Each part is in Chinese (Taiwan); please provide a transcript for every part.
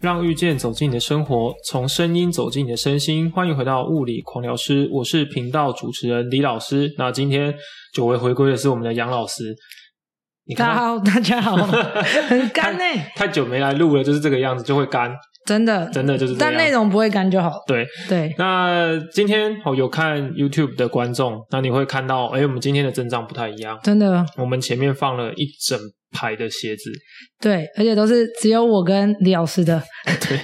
讓遇見走進你的生活，從聲音走進你的身心。歡迎回到物理狂聊師，我是頻道主持人李老師。那今天久違回歸的是我們的楊老師。你看大家好，大家好， 很乾呢、欸，太久沒來錄了，就是這個樣子，就會乾。真的，真的就是，但內容不會乾就好。對對。對那今天我、哦、有看 YouTube 的觀眾，那你會看到，哎、欸，我們今天的陣仗不太一樣。真的。我們前面放了一整排的鞋子。對，而且都是只有我跟李老師的。對。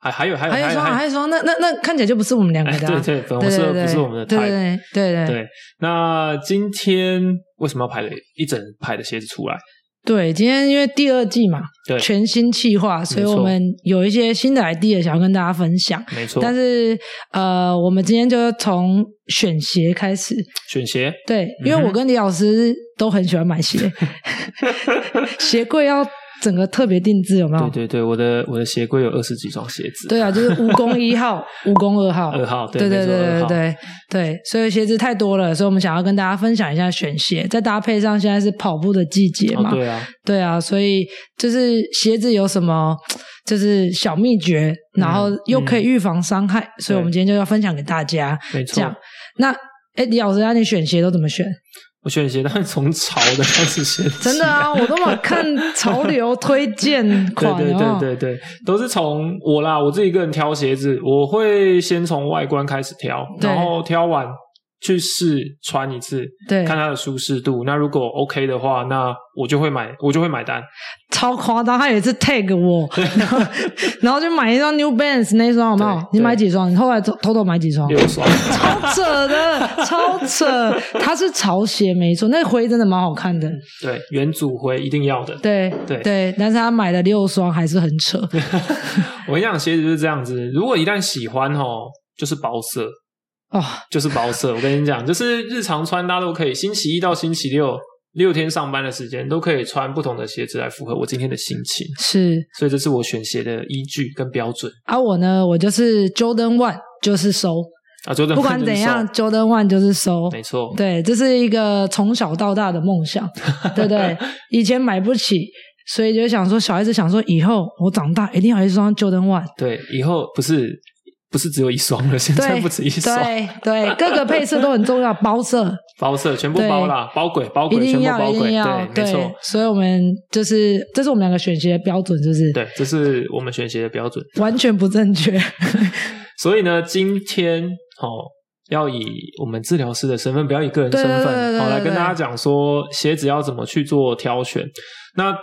還還有還有還有一雙，還有一雙， 那那那看起來就不是我們兩個的、啊。對對，對對，不是不是我們的台。對對對對，對。那今天為什麼要排了一整排的鞋子出來？對，今天因為第二季嘛，對全新企劃，所以我們有一些新的 idea 想要跟大家分享。沒錯，但是呃，我們今天就從選鞋開始。選鞋？對，因為我跟李老師都很喜歡買鞋，嗯、哼鞋櫃要。整個特別定製有沒有？對對對，我的我的鞋櫃有二十幾雙鞋子。對啊，就是蜈蚣一號、 蜈蚣二號。二號，對對錯號對對對對。所以鞋子太多了，所以我們想要跟大家分享一下選鞋，在搭配上，現在是跑步的季節嘛？哦、對啊，對啊，所以就是鞋子有什麼就是小秘訣，然後又可以預防傷害，嗯、所以我們今天就要分享給大家。對這樣沒錯。那誒李老師、啊，那你選鞋都怎麼選？我選鞋，當然從潮的開始選。 真的啊？我都看潮流推薦款， 對對對對對，都是從我啦，我自己一個人挑鞋子，我會先從外觀開始挑，然後挑完。去試穿一次，對，看它的舒適度。那如果 OK 的話，那我就會買，我就會買單。超誇張，他有一次 tag 我，對然後然後就買一雙 New Balance 那雙，對好不好？你買幾雙？對你後來偷偷買幾雙？六雙，超扯的，超扯。它 是潮鞋沒錯，那灰真的蠻好看的。對，元祖灰一定要的。對對對，但是他買了六雙，還是很扯。 我跟你講，鞋子就是這樣子，如果一旦喜歡哦，就是包色。哇，oh. 就是包色，我跟你講，就是日常穿搭都可以，星期一到星期六，六天上班的時間都可以穿不同的鞋子來符合我今天的心情。是，所以這是我選鞋的依據跟標準。啊，我呢，我就是 Jordan One 就是收、so、啊，Jordan 不管怎樣，Jordan One 就是收、so，沒錯。對，這是一個從小到大的夢想， 對對，以前買不起，所以就想說，小孩子想說，以後我長大一定要一雙 Jordan One。對，以後不是。不是只有一雙了，現在不止一雙，對，對，對，各個配色都很重要，包色， 包色全部包啦，對包軌，包軌全部包軌，對，對沒錯。所以，我們就是這是我們兩個選鞋的標準，是、就、不是？對，這是我們選鞋的標準，完全不正確。 所以呢，今天哦，要以我們治療師的身份，不要以個人身份，好、哦、來跟大家講說鞋子要怎麼去做挑選。那。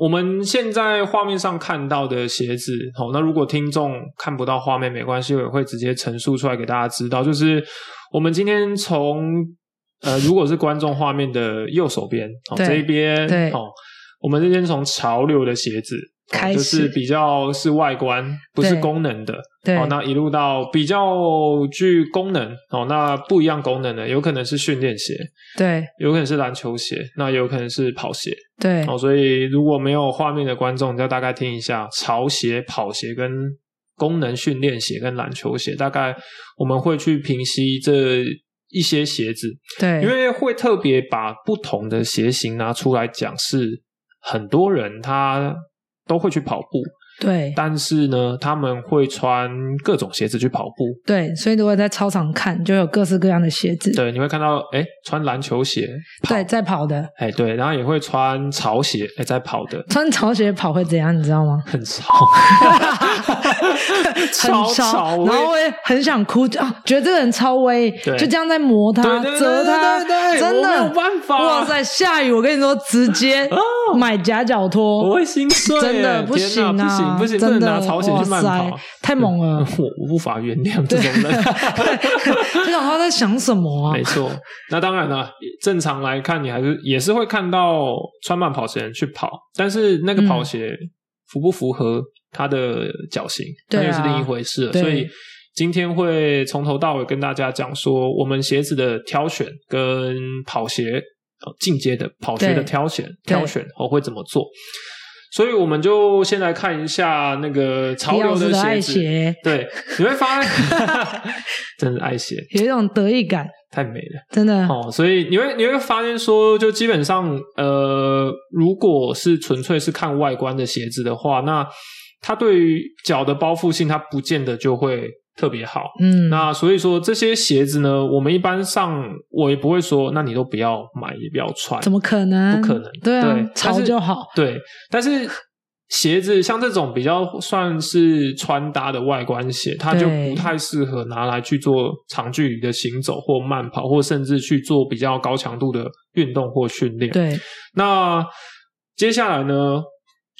我們現在畫面上看到的鞋子，好、哦，那如果聽眾看不到畫面沒關係，我也會直接陳述出來給大家知道。就是我們今天從，呃，如果是觀眾畫面的右手邊，哦、對這一邊，對，哦，我們這邊從潮流的鞋子。哦、就是比較是外觀，不是功能的。對，對、哦，那一路到比較具功能，哦，那不一樣功能的，有可能是訓練鞋，對，有可能是籃球鞋，那有可能是跑鞋，對、哦。所以如果沒有畫面的觀眾，就大概聽一下：潮鞋、跑鞋跟功能訓練鞋跟籃球鞋，大概我們會去評析這一些鞋子。對，因為會特別把不同的鞋型拿出來講，是很多人他。都會去跑步，對。但是呢，他們會穿各種鞋子去跑步，對。所以如果在操場看，就有各式各樣的鞋子。對，你會看到，哎，穿籃球鞋，對，在跑的，哎，對。然後也會穿潮鞋，哎，在跑的。穿潮鞋跑會怎樣？你知道嗎？很潮少。 很潮，然後我也很想哭，就覺得這個人超威，就這樣在磨他、折他，真的，沒有辦法。哇塞，下雨，我跟你說，直接買夾腳拖，我會心碎，真的不行啊，不行，真的拿潮鞋去慢跑，太猛了，我無法原諒這種人，這種人在想什麼啊。沒錯，那當然了，正常來看，你還是也是會看到穿慢跑鞋的人去跑，但是那個跑鞋符不符合？它的腳型，那又是另一回事了。啊、所以今天會從頭到尾跟大家講說，我們鞋子的挑選，跟跑鞋、哦、進階的跑鞋的挑選，對挑選我對、哦、會怎麼做。所以我們就先來看一下那個潮流的鞋子。是是愛鞋子，對，你會發現 真的是愛鞋，有一種得意感，太美了，真的。哦，所以你會你會發現說，就基本上，呃，如果是純粹是看外觀的鞋子的話，那它對於腳的包覆性，它不見得就會特別好。嗯，那所以說這些鞋子呢，我們一般上我也不會說，那你都不要買，也不要穿。怎麼可能？不可能。對啊，潮對就好。對，但是鞋子像這種比較算是穿搭的外觀鞋，它就不太適合拿來去做長距離的行走或慢跑，或甚至去做比較高強度的運動或訓練。對。那接下來呢？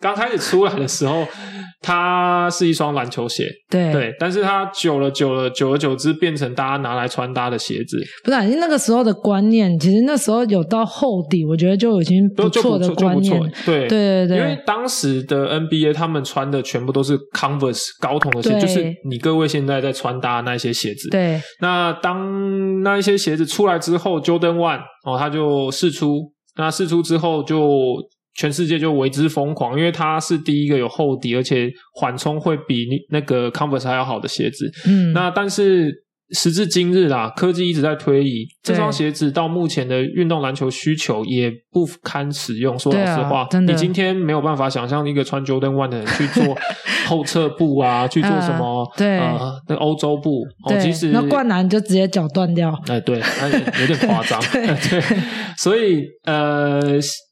剛開始出來的時候，它是一雙籃球鞋，對，對，但是它久了久了，久了，久了，久而久之變成大家拿來穿搭的鞋子。不是、啊，那個時候的觀念，其實那時候有到厚底，我覺得就已經不錯的觀念。對，對，對，對。因為，因為當時的 NBA 他們穿的全部都是 Converse 高筒的鞋，對就是你各位現在在穿搭那些鞋子。對。那當那一些鞋子出來之後，Jordan One，然、哦、他就試出，那試出之後就。全世界就為之瘋狂，因為它是第一個有厚底，而且緩衝會比那那個 Converse 還要好的鞋子。嗯，那但是。時至今日啦，科技一直在推移，這雙鞋子到目前的運動籃球需求也不堪使用。說老實話，啊、你今天沒有辦法想象一個穿 Jordan One 的人去做後撤步啊， 去做什麼？呃、對，呃，那歐洲步，即使對、哦、那灌籃就直接腳斷掉。哎、呃，對、呃，有點誇張。 對， 對，所以呃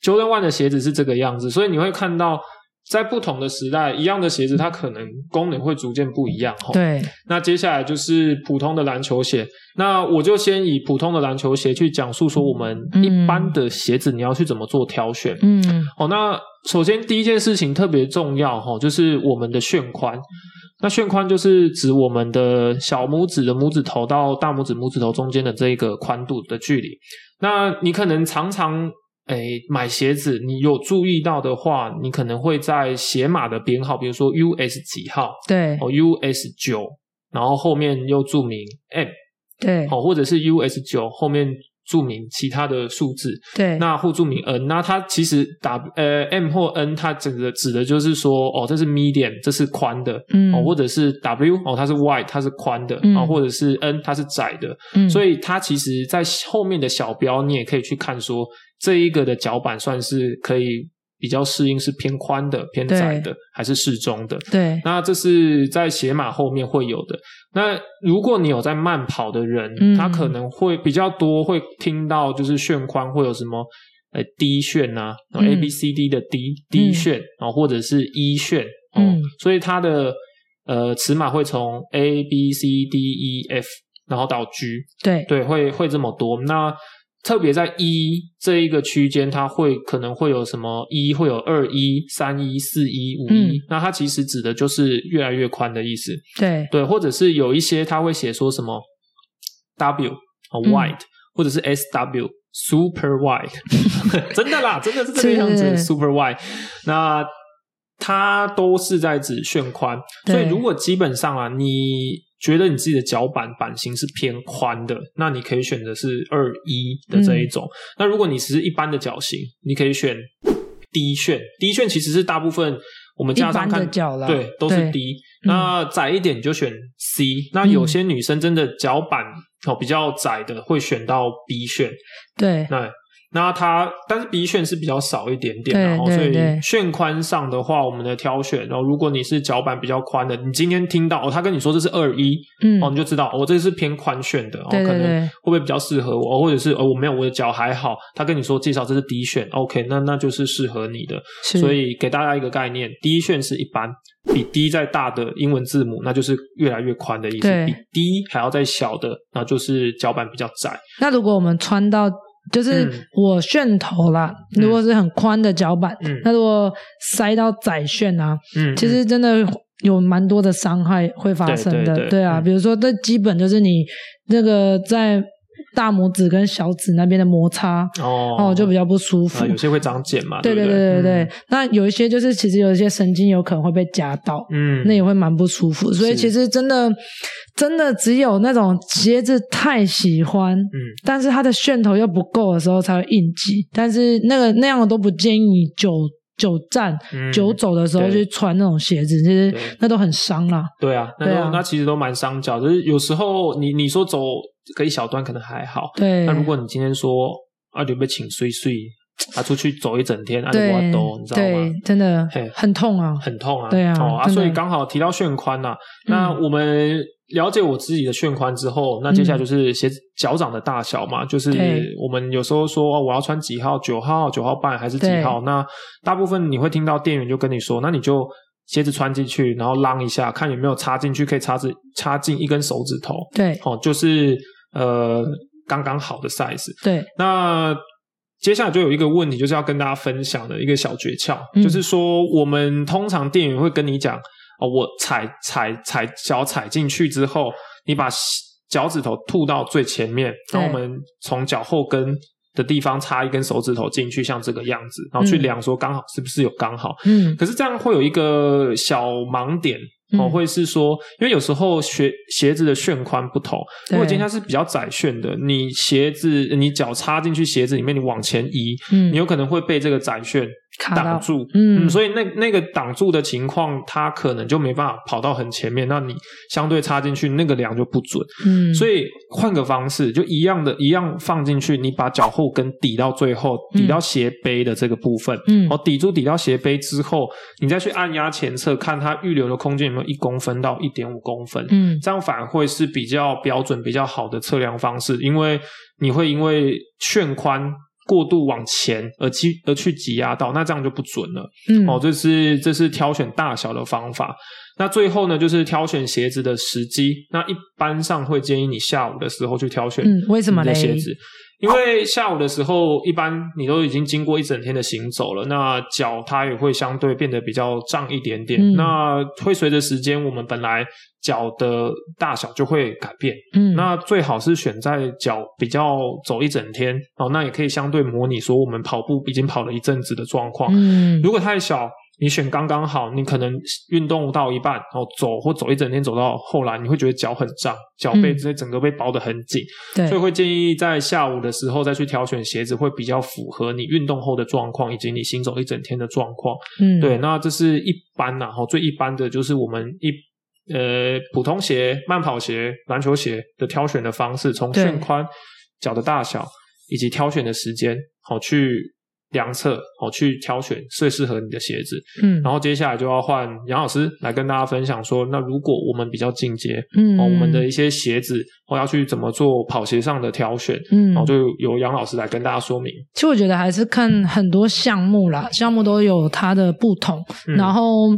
，Jordan One 的鞋子是這個樣子，所以你會看到。在不同的時代，一樣的鞋子，它可能功能會逐漸不一樣哈。對，那接下來就是普通的籃球鞋，那我就先以普通的籃球鞋去講述說，我們一般的鞋子你要去怎麼做挑選？嗯，好。那首先第一件事情特別重要哈，就是我們的楦寬。那楦寬就是指我們的小拇指的拇指頭到大拇指拇指頭中間的這一個寬度的距離。那你可能常常。哎，買鞋子，你有注意到的話，你可能會在鞋碼的編號，比如說 US 幾號？對，哦 US 九，然後後面又注明 M，對，哦，或者是 US 九後面，注明其他的數字，對，那互注明 N，那它其實 W 呃 M 或 N，它整個指的就是說，哦，這是 Medium，這是寬的，嗯、哦，或者是 W 哦，它是 Wide，它是寬的，啊、嗯，或者是 N，它是窄的，嗯、所以它其實，在後面的小標，你也可以去看說，這一個的腳板算是可以。比較適應是偏寬的、偏窄的對還是適中的？對，那這是在鞋碼後面會有的。那如果你有在慢跑的人，嗯、他可能會比較多會聽到就是楦寬會有什麼呃 D 楦啊、嗯、A B C D 的 D D 楦啊，嗯、或者是 E 楦嗯、哦，所以它的呃尺碼會從 A B C D E F 然後到 G，對對，會會這麼多那。特別在 E，這一個區間，它會可能會有什麼 E，會有 2E、3E、4E、5E，那它其實指的就是越來越寬的意思。對對，或者是有一些它會寫說什麼 W 啊，uh，Wide，嗯，或者是 SW Super Wide， 真的啦，真的是這個樣子的 Super Wide，那。它都是在指楦寬，所以如果基本上啊，你覺得你自己的腳板版型是偏寬的，那你可以選擇是 2E 的這一種。嗯、那如果你只是一般的腳型，你可以選 D 楦，D 楦其實是大部分我們家上看腳啦，的對都是 D 對。那窄一點你就選 C、嗯。那有些女生真的腳板哦比較窄的會選到 B 楦。對。那那它，但是 B 楦是比較少一點點、啊，然後所以楦寬上的話，我們的挑選，然後如果你是腳板比較寬的，你今天聽到哦，他跟你說這是二一，嗯，哦，你就知道我、哦、這是偏寬楦的，哦，可能會不會比較適合我，或者是哦，我沒有我的腳還好，他跟你說介紹這是低楦，OK，那那就是適合你的，是所以給大家一個概念，D 楦是一般比 D 再大的英文字母，那就是越來越寬的意思，對比 D 還要再小的，那就是腳板比較窄。那如果我們穿到。就是我楦頭啦，嗯、如果是很寬的腳板，嗯、那如果塞到窄楦啊，嗯、其實真的有蠻多的傷害會發生的，對，對，對，對啊，比如說這基本就是你那個在。大拇指跟小指那邊的摩擦哦,哦，就比較不舒服，啊、有些會長繭嘛。對對,對對對對對。嗯、那有一些就是其實有一些神經有可能會被夾到，嗯，那也會蠻不舒服。所以其實真的是真的只有那種鞋子太喜歡，嗯，但是它的楦頭又不夠的時候才會應急，但是那個那樣的都不建議你久。久站、久走的時候就穿那種鞋子，其實那都很傷啦。對啊，那那其實都蠻傷腳。就是有時候你你說走個一小段可能還好，對。那如果你今天說啊，準備穿水水，啊，出去走一整天，對，哇，都你知道嗎？真的，很痛啊，很痛啊，對啊。哦啊，所以剛好提到楦寬吶，那我們。了解我自己的楦寬之後，那接下來就是鞋子腳掌的大小嘛，嗯、就是我們有時候說、哦、我要穿幾號，九號、九號半還是幾號？對那大部分你會聽到店員就跟你說，那你就鞋子穿進去，然後浪一下，看有沒有插進去，可以插進插進一根手指頭，對，哦，就是呃，剛剛好的 size。對，那接下來就有一個問題，就是要跟大家分享的一個小訣竅，嗯、就是說我們通常店員會跟你講。哦，我踩踩踩腳踩進去之後，你把腳趾頭吐到最前面，對然後我們從腳後跟的地方插一根手指頭進去，像這個樣子，然後去量說剛好是不是有剛好。嗯，可是這樣會有一個小盲點，哦，嗯、會是說，因為有時候鞋鞋子的楦寬不同，因為對今天是比較窄楦的，你鞋子你腳插進去鞋子裡面，你往前移，嗯，你有可能會被這個窄楦擋住，卡到，嗯，所以那那個擋住的情況，它可能就沒辦法跑到很前面。那你相對插進去那個量就不準，嗯，所以換個方式，就一樣的一樣放進去，你把腳後跟抵到最後，抵到鞋背的這個部分，嗯，哦，抵住抵到鞋背之後，你再去按壓前側，看它預留的空間有沒有一公分到一點五公分，嗯，這樣反而會是比較標準、比較好的測量方式，因為你會因為楦寬。過度往前而擠，而去擠壓到，那這樣就不準了。嗯，哦，這是，這是挑選大小的方法。那最後呢，就是挑選鞋子的時機。那一般上會建議你下午的時候去挑選，嗯，為什麼呢？鞋子，因為下午的時候，一般你都已經經過一整天的行走了，那腳它也會相對變得比較脹一點點。嗯，那會隨着時間，我們本來腳的大小就會改變。嗯，那最好是選在腳比較走一整天哦，那也可以相對模擬說我們跑步已經跑了一陣子的狀況。嗯，如果太小。你選剛剛好，你可能運動到一半，哦走或走一整天，走到後來你會覺得腳很脹，腳背這些、嗯、整個被包得很緊，對所以會建議在下午的時候再去挑選鞋子，會比較符合你運動後的狀況，以及你行走一整天的狀況。嗯，對，那這是一般、啊，然最一般的就是我們一呃普通鞋、慢跑鞋、籃球鞋的挑選的方式，從楦寬、對腳的大小以及挑選的時間，好去。量測好、哦、去挑選最適合你的鞋子，嗯，然後接下來就要換楊老師來跟大家分享說，那如果我們比較進階，嗯，嗯、哦，我們的一些鞋子或、哦、要去怎麼做跑鞋上的挑選，嗯，然後就由楊老師來跟大家說明。其實我覺得還是看很多項目啦，項目都有它的不同。嗯、然後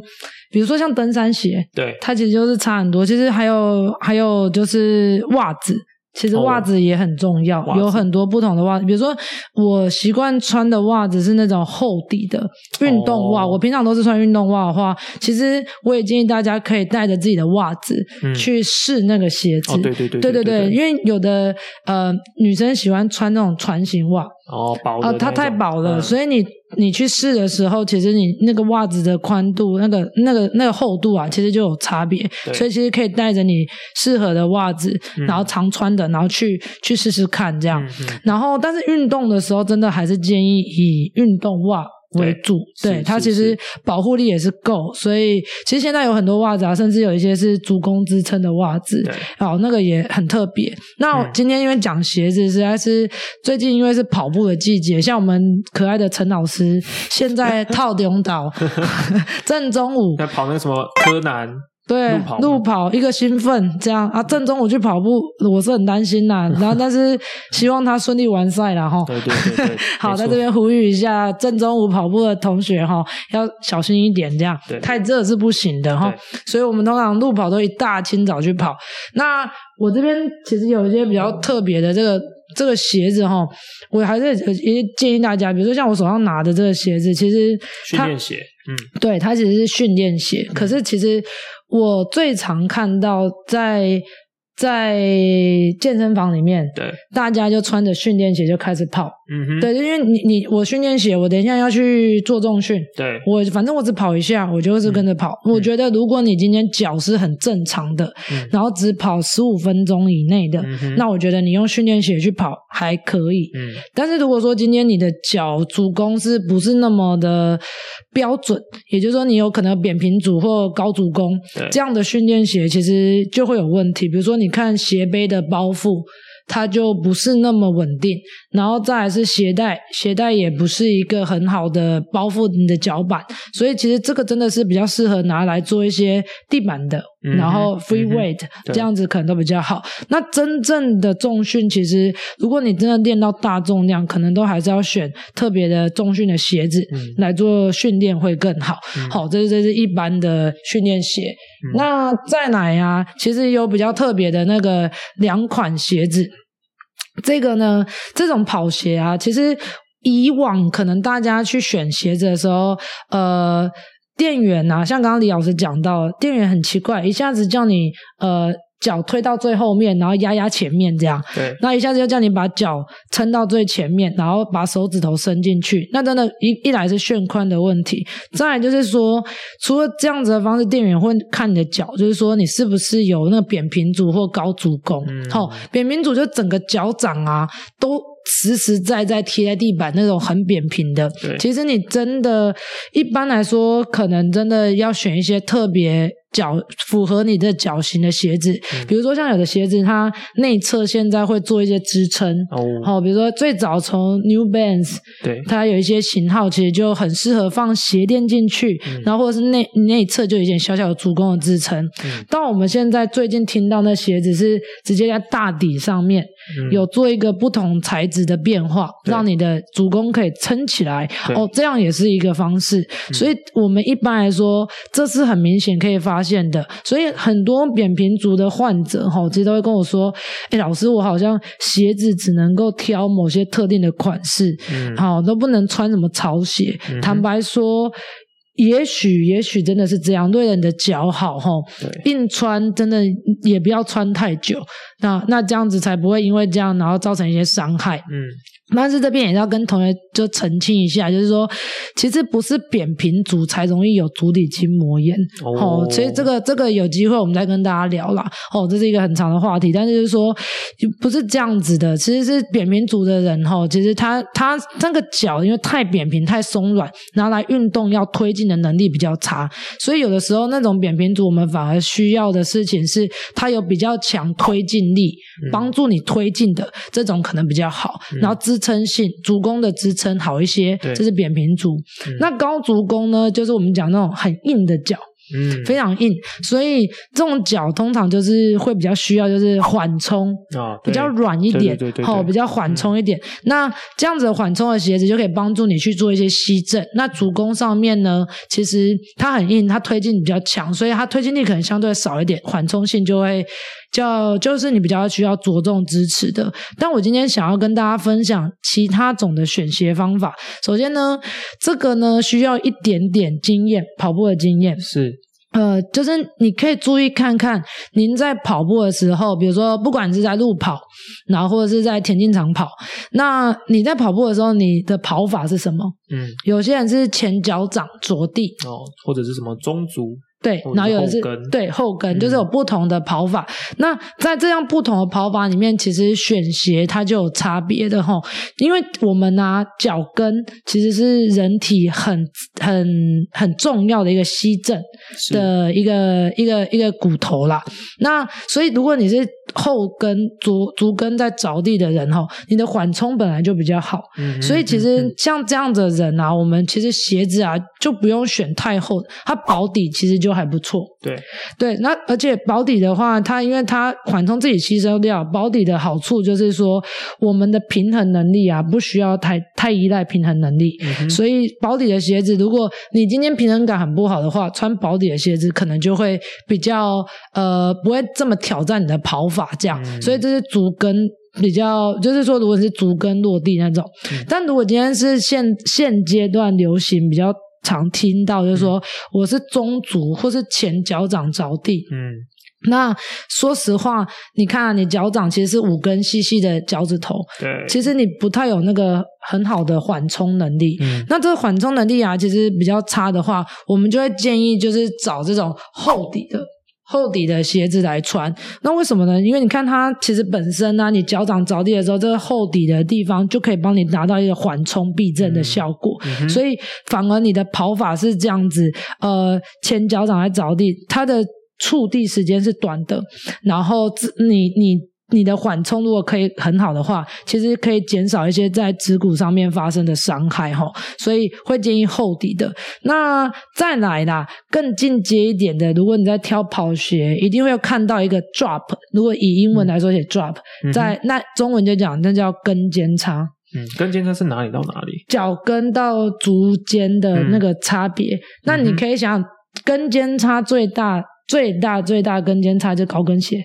比如說像登山鞋，對，它其實就是差很多。其實還有還有就是襪子。其實襪子也很重要，哦、有很多不同的襪子。比如說，我習慣穿的襪子是那種厚底的運動襪。哦、我平常都是穿運動襪的話，其實我也建議大家可以帶着自己的襪子去試那個鞋子。對對對，對對對，因為有的呃女生喜歡穿那種船型襪哦，薄啊、呃，它太薄了，嗯、所以你。你去試的時候，其實你那個襪子的寬度、那個、那個、那個厚度啊，其實就有差別。對所以其實可以帶着你適合的襪子，嗯、然後常穿的，然後去去試試看這樣。嗯、哼然後，但是運動的時候，真的還是建議以運動襪。對為主，是對是它其實保護力也是夠，所以其實現在有很多襪子啊，甚至有一些是足弓支撐的襪子，哦對，那個也很特別。那我今天因為講鞋子，實在是、嗯、最近因為是跑步的季節，像我們可愛的陳老師現在套泳罩， 正中午在跑那個什麼柯南。對，路跑，路跑一個興奮這樣啊，正中午去跑步，我是很擔心啦。然後，但是希望他順利完賽啦哈。 對對對，對 好，沒錯。在這邊呼籲一下，正中午跑步的同學哈，要小心一點這樣，太熱是不行的哈。對對對，所以我們通常路跑都一大清早去跑。對對對，那我這邊其實有一些比較特別的這個。這個鞋子哈、哦，我還是也建議大家，比如說像我手上拿的這個鞋子，其實它訓練鞋，嗯，對，它其實是訓練鞋。嗯、可是其實我最常看到在。在健身房裡面，對，大家就穿着訓練鞋就開始跑，嗯哼，對，因為你你我訓練鞋，我等一下要去做重訓，對，我反正我只跑一下，我就是跟着跑。嗯、哼我覺得如果你今天腳是很正常的，嗯、然後只跑十五分鐘以內的，嗯、哼那我覺得你用訓練鞋去跑還可以。嗯，但是如果說今天你的腳足弓是不是那麼的標準，也就是說你有可能扁平足或高足弓，對這樣的訓練鞋其實就會有問題。比如說你。看鞋背的包袱。它就不是那麼穩定，然後再來是鞋帶，鞋帶也不是一個很好的包覆你的腳板，所以其實這個真的是比較適合拿來做一些地板的，嗯、哼然後 free weight、嗯、哼這樣子可能都比較好。對那真正的重訓，其實如果你真的練到大重量，可能都還是要選特別的重訓的鞋子、嗯、來做訓練會更好。嗯、好，這這是一般的訓練鞋。嗯、那再來啊，其實有比較特別的那個兩款鞋子。這個呢，這種跑鞋啊，其實以往可能大家去選鞋子的時候，呃，店員啊，像剛剛李老師講到，店員很奇怪，一下子叫你，呃。腳推到最後面，然後壓壓前面這樣，那對一下子就叫你把腳撐到最前面，然後把手指頭伸進去，那真的，一，一來是楦寬的問題，再來就是說，嗯、除了這樣子的方式，店員會看你的腳，就是說你是不是有那個扁平足或高足弓，嗯、哦，扁平足就整個腳掌啊，都實實在在貼在地板那種很扁平的，對其實你真的，一般來說，可能真的要選一些特別。腳符合你的腳型的鞋子，嗯、比如說像有的鞋子，它內側現在會做一些支撐哦，哦。比如說最早從 New Balance 對， 它有一些型號其實就很適合放鞋墊進去，嗯、然後或者是內內側就有一點小小的足弓的支撐。嗯、到我們現在最近聽到那鞋子是直接在大底上面，嗯、有做一個不同材質的變化，嗯、讓你的足弓可以撐起來對哦，這樣也是一個方式。嗯、所以我們一般來說，這是很明顯可以發。發現的，所以很多扁平足的患者吼，其實都會跟我說：“欸、老師，我好像鞋子只能夠挑某些特定的款式，好、嗯、都不能穿什麼潮鞋。嗯哼”坦白說，也許也許真的是這樣，對你的腳好吼，硬對穿真的也不要穿太久。那那這樣子才不會因為這樣，然後造成一些傷害。嗯。但是這邊也要跟同學就澄清一下，就是說，其實不是扁平足才容易有足底筋膜炎哦。所以這個這個有機會我們再跟大家聊啦。哦。這是一個很長的話題，但是就是說，不是這樣子的。其實是扁平足的人哈、哦，其實他他那個腳因為太扁平、太鬆軟，然後來運動要推進的能力比較差，所以有的時候那種扁平足我們反而需要的事情是，他有比較強推進力，幫助你推進的這種可能比較好。嗯、然後之支撐性，足弓的支撐好一些，這對是扁平足。嗯、那高足弓呢？就是我們講那種很硬的腳，嗯，非常硬，所以這種腳通常就是會比較需要就是緩衝啊，哦、比較軟一點，對對，對，對對，好、哦，比較緩衝一點。嗯、那這樣子緩衝的鞋子就可以幫助你去做一些吸震。嗯、那足弓上面呢，其實它很硬，它推進比較強，所以它推進力可能相對少一點，緩衝性就會。叫，就是你比較需要着重支持的，但我今天想要跟大家分享其他種的選鞋方法。首先呢，這個呢需要一點點經驗，跑步的經驗是，呃，就是你可以注意看看您在跑步的時候，比如說不管是在路跑，然後或者是在田徑場跑，那你在跑步的時候，你的跑法是什麼？嗯，有些人是前腳掌着地哦，或者是什麼中足。對，然後有的是後跟對後跟，就是有不同的跑法。嗯、那在這樣不同的跑法裡面，其實選鞋它就有差別的吼。因為我們呢、啊，腳跟其實是人體很很很重要的一個吸震的一個是一個一個,一個骨頭啦。那所以如果你是後跟足足跟在着地的人哈，你的緩衝本來就比較好。嗯、哼所以其實像這樣的人啊，嗯、哼我們其實鞋子啊。就不用選太厚，它薄底其實就還不錯。對對，那而且保底的話，它因為它緩衝自己吸收掉，保底的好處就是說，我們的平衡能力啊，不需要太太依賴平衡能力。嗯、哼所以保底的鞋子，如果你今天平衡感很不好的話，穿保底的鞋子可能就會比較呃，不會這麼挑戰你的跑法。這樣，嗯、所以這是足跟比較，就是說如果是足跟落地那種，嗯、但如果今天是現現階段流行比較。常聽到就是說我是中足或是前腳掌着地，嗯，那說實話，你看、啊、你腳掌其實是五根細細的腳趾頭，對，其實你不太有那個很好的緩衝能力，嗯、那這個緩衝能力啊，其實比較差的話，我們就會建議就是找這種厚底的。厚底的鞋子來穿，那為什麼呢？因為你看它其實本身呢、啊，你腳掌着地的時候，這個厚底的地方就可以幫你達到一個緩衝、避震的效果，嗯嗯、所以反而你的跑法是這樣子，呃，前腳掌來着地，它的觸地時間是短的，然後你你，你的緩衝如果可以很好的話，其實可以減少一些在趾骨上面發生的傷害哈，所以會建議厚底的。那再來啦，更進階一點的，如果你在挑跑鞋，一定會有看到一個 drop。如果以英文來說寫 drop，、嗯、在、嗯、哼那中文就講那叫跟尖差。嗯，跟尖差是哪裡到哪裡？腳跟到足尖的那個差別。嗯、那你可以想，嗯、哼跟尖差最大、最大、最大，跟尖差就高跟鞋。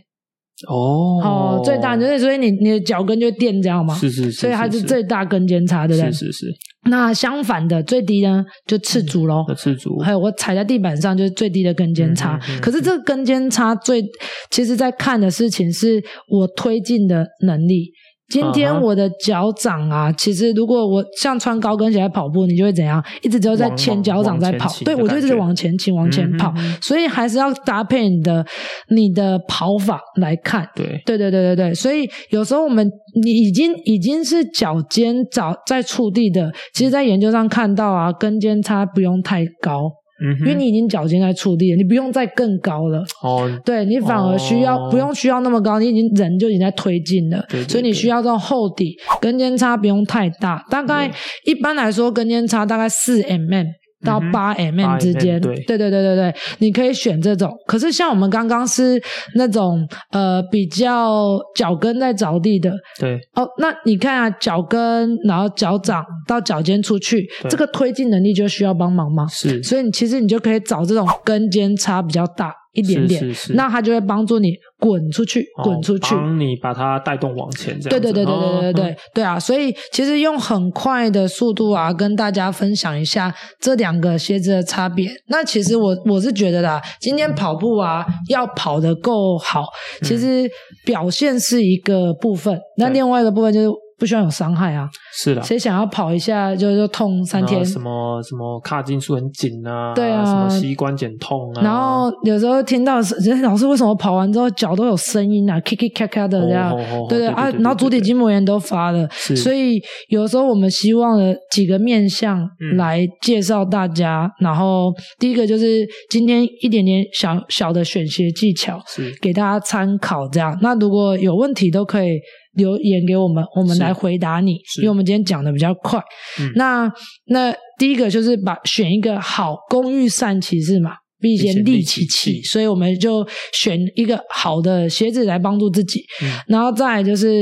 哦哦，最大，所以所以你你的腳跟就墊這樣嗎？是是，是，是。所以它是最大跟肩差，是是是是，對不對？是是是。那相反的最低呢，就赤足嘍，赤足。嗯。還有我踩在地板上就是最低的跟肩差，嗯嗯嗯，可是這個跟肩差最，其實，在看的事情是我推進的能力。今天我的腳掌啊，uh huh. 其實如果我像穿高跟鞋在跑步，你就會怎樣？一直只有在前腳掌在跑，往往對，我就一直往前傾、往前跑，mm hmm. 所以還是要搭配你的你的跑法來看。對，對，對，對，對，對，所以有時候我們你已經已經是腳尖早在觸地的，其實在研究上看到啊，跟趾差不用太高。嗯，因為你已經腳尖在觸地了，你不用再更高了。哦，對你反而需要，哦、不用需要那麼高，你已經人就已經在推進了。對對對，所以你需要這種厚底，跟尖差不用太大，大概對一般來說跟尖差大概四 mm。到八 mm 之間，對對對對對，你可以選這種。可是像我們剛剛是那種呃比較腳跟在着地的，對哦，那你看啊，腳跟然後腳掌到腳尖出去，這個推進能力就需要幫忙嗎？是，所以你其實你就可以找這種跟尖差比較大。一點點，是是是，那它就會幫助你滾出去，滾、哦、出去，你把它帶動往前。對對對對對對對、哦嗯、對啊！所以其實用很快的速度啊，跟大家分享一下這兩個鞋子的差別。那其實我我是覺得啦，今天跑步啊，嗯、要跑得夠好，其實表現是一個部分，那、嗯、另外一個部分就是。不希望有傷害啊！是的啦，誰想要跑一下就就痛三天，什麼什麼髂脛束很緊啊，對啊，什麼膝關節痛啊。然後有時候聽到人老師，為什麼跑完之後腳都有聲音啊，咔咔咔咔的這樣，oh, oh, oh, oh, 對對，對，對啊，然後足底筋膜炎都發了。所以有時候我們希望了幾個面向來介紹大家。嗯、然後第一個就是今天一點點小小的選鞋技巧，是給大家參考這樣。是那如果有問題都可以留言給我們，我們來回答你，因為我們今天講的比較快。嗯、那那第一個就是把選一個好，工欲善其事嘛，必先利其器，其其所以我們就選一個好的鞋子來幫助自己。嗯、然後再來就是，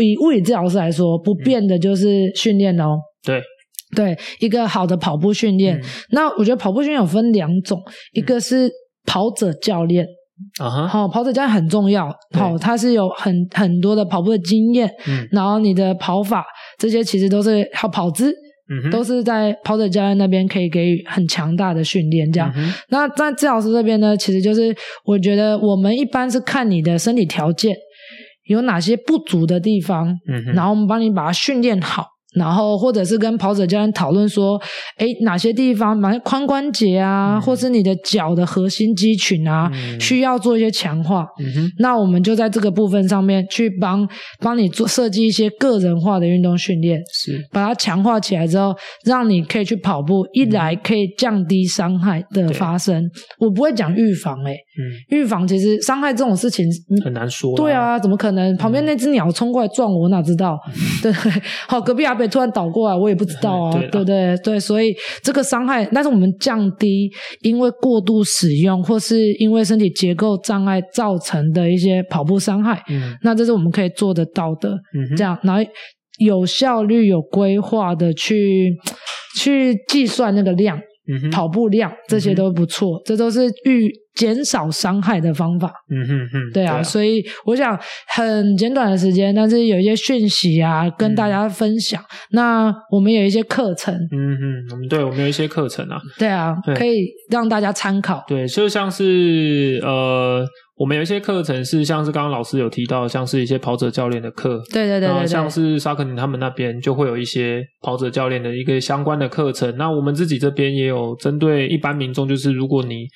以物理治療師來說，不變的就是訓練哦。對、嗯、對，一個好的跑步訓練。嗯、那我覺得跑步訓練有分兩種，一個是跑者教練。啊哈，好，uh，huh。跑者教練很重要，好對，他是有很很多的跑步的經驗，嗯，然後你的跑法這些其實都是，好跑姿，嗯哼，都是在跑者教練那邊可以給予很強大的訓練，這樣。嗯、哼那在治療師這邊呢，其實就是我覺得我們一般是看你的身體條件有哪些不足的地方，嗯哼，然後我們幫你把它訓練好。然後或者是跟跑者教練討論說，哎，哪些地方，比如髖關節啊，嗯、或是你的腳的核心肌群啊，嗯、需要做一些強化。嗯哼那我們就在這個部分上面去幫幫你做設計一些個人化的運動訓練，是把它強化起來之後，讓你可以去跑步，一來可以降低傷害的發生。嗯、我不會講預防、欸，哎、嗯，預防其實傷害這種事情很難說。對啊，怎麼可能？旁邊那隻鳥衝過來撞我，哪知道？嗯、對，好，隔壁阿、啊、北。突然倒過來，我也不知道啊，對不了 對，對？對，所以這個傷害，但是我們降低，因為過度使用或是因為身體結構障礙造成的一些跑步傷害，嗯、那這是我們可以做得到的。嗯、哼 這樣然後，有效率、有規劃的去、嗯、哼 去計算那個量，嗯、哼 跑步量這些都不錯，嗯、哼 這都是預。減少傷害的方法。嗯哼哼，對啊，對啊，所以我想很簡短的時間，但是有一些訊息啊，跟大家分享。嗯哼。那我們有一些課程。嗯哼，我們對，我們有一些課程啊。對啊，對，可以讓大家參考。對，就像是呃，我們有一些課程是，像是剛剛老師有提到，像是一些跑者教練的課。對對，對對對。然後像是沙克寧他們那邊就會有一些跑者教練的一個相關的課程。對對對對對，那我們自己這邊也有針對一般民眾，就是如果你。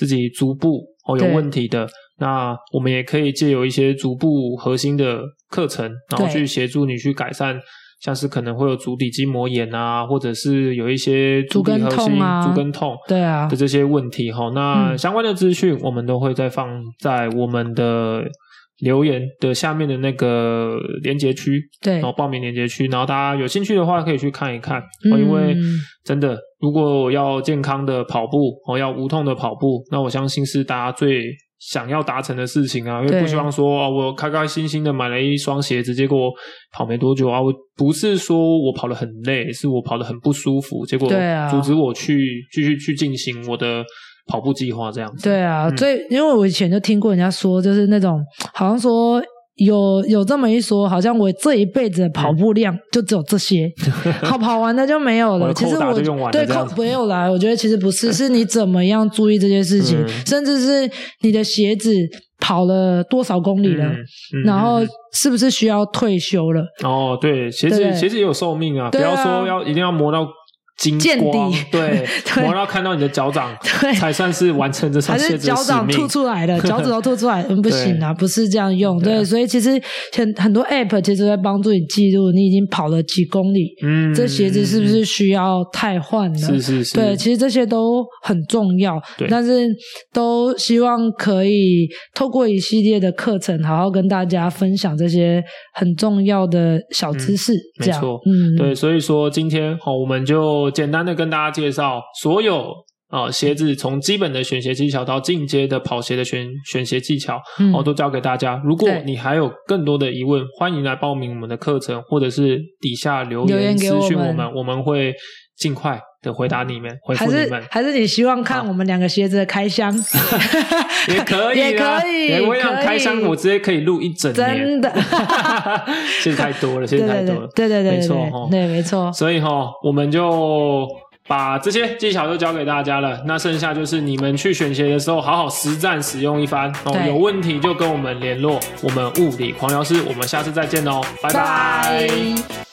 自己足部哦有問題的，對那我們也可以藉由一些足部核心的課程，對然後去協助你去改善，像是可能會有足底筋膜炎啊，或者是有一些足跟痛足跟痛、啊，對啊的這些問題哈、啊哦。那相關的資訊我們都會再放在我們的。留言的下面的那個連接區，對，然後報名連接區，然後大家有興趣的話可以去看一看。嗯哦、因為真的，如果我要健康的跑步，我、哦、要無痛的跑步，那我相信是大家最想要達成的事情啊。因為不希望說，對哦、我開開心心的買了一雙鞋子，結果跑沒多久啊，我不是說我跑得很累，是我跑得很不舒服，結果阻止我去、啊、繼續去繼續去進行我的。跑步計劃這樣子，對啊，所以因為我以前就聽過人家說，就是那種好像說有有這麼一說，好像我這一輩子的跑步量就只有這些，跑跑完了就沒有了。其實我對靠沒有來，我覺得其實不是，是你怎麼樣注意這件事情，甚至是你的鞋子跑了多少公里了，然後是不是需要退休了？哦，對，鞋子鞋子也有壽命啊，不要說要一定要磨到。見底，對，我要看到你的腳掌，對，才算是完成這場鞋子使命。腳掌凸出來了，腳趾頭凸出來，不行啊，不是這樣用。對，所以其實很很多 APP 其實，在幫助你記錄你已經跑了幾公里，嗯，這鞋子是不是需要汰換了？是是是。對，其實這些都很重要，但是都希望可以透過一系列的課程，好好跟大家分享這些很重要的小知識。這樣。沒錯，嗯，對。所以說今天好，我們就，簡單的跟大家介紹所有啊鞋子，從基本的選鞋技巧到進階的跑鞋的選選鞋技巧，我、嗯、都教給大家。如果你還有更多的疑問，對歡迎來報名我們的課程，或者是底下留言諮詢我，我們，我們會盡快。的回答你們，回復你們。還是你希望看我們兩個鞋子的開箱？也可以，也可以。因為要開箱，我直接可以錄一整年。真的，現在太多了，現在太多了。對對對，沒錯哈，對沒錯。所以哈，我們就把這些技巧都教給大家了。那剩下就是你們去選鞋的時候，好好實戰使用一番哦。有問題就跟我們聯絡，我們物理狂聊師。我們下次再見哦，拜拜。